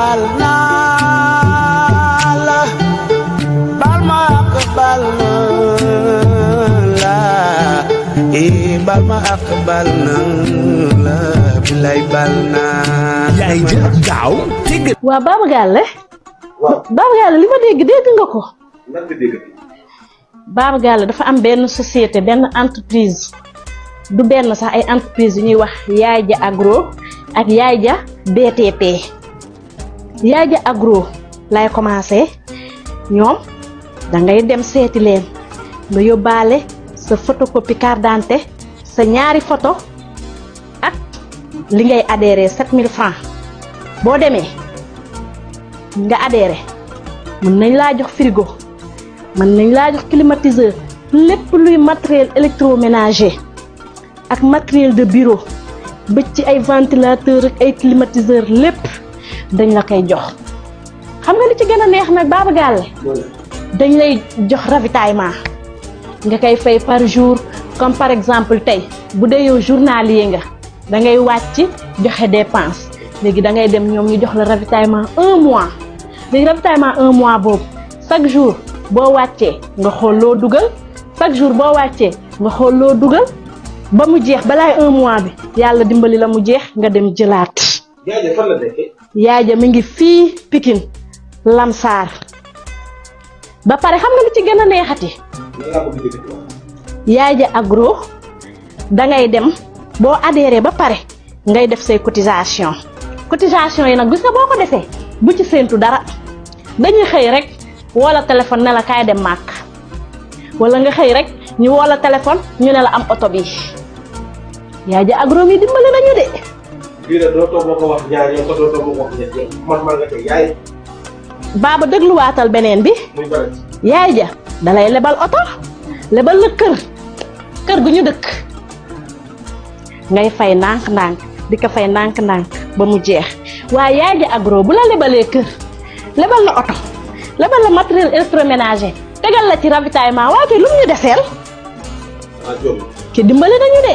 baal naa la ma ak baal na la ee baal baal na la bilay baal naa yaay ja gaaw dégg waa Baba Galle li ma dégg dégg nga ko Baba Galle dafa am benn société benn entreprise du benn sax ay entreprise yu ñuy wax Yaay Ja Agro ak Yaay Ja BTP Yaye Dia Agro lay commencé ñoom da ngay dem seeti leen nga yóbbaale sa photocopie carte d'identité sa ñaari photo ak li ngay adhéré 7000 francs boo demee nga adhéré mën nañ laa jox frigo mën nañ laa jox climatiseur lépp luy matériel électroménager ak matériel de bureau ba ci ay ventilateur ak ay climatiseur lépp dañ la koy jox xam nga li ci gën a neex nag Baba Galle dañ lay jox ravitaillement nga koy fay par jour comme par exemple tey bu dee yow journalier nga da ngay wàcc joxe dépense léegi da ngay dem ñoom ñu jox la ravitaillement un mois léegi ravitaillement un mois boobu chaque jour boo wàccee nga xool loo dugal chaque jour boo wàccee nga xool loo dugal ba mu jeex balaay un mois bi yàlla dimbali la mu jeex nga dem jëlaat. yaay ja mi ngi fii Pikine Lamsaar ba pare xam nga lu ci gën a neexati yaay ja agro dangay dem boo adhéré ba pare ngay def say cotisation cotisation yi nag gis nga boo ko defee bu ci séentu dara dañuy xëy rek woola téléphone ne la kaay dem màkk wala nga xëy rek ñu woola téléphone ñu ne la am oto bi agro mi dimbali nañu de lii de doo toog beneen bi. muy bëri. yaay ja dalay lebal oto lebal la kër kër gu ñu dëkk ngay fay ndànk-ndànk di ko fay ndànk-ndànk ba mu jeex waaye yaay ja agro bu la lebalee kër lebal la oto lebal la matériel électroménager tegal la ci ravitaillement waaye kay lu ñu deseel. ah dimbale nañu de.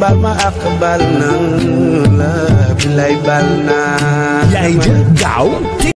baal ma àq baal na la bilaay baal naa. yaay ja gaaw.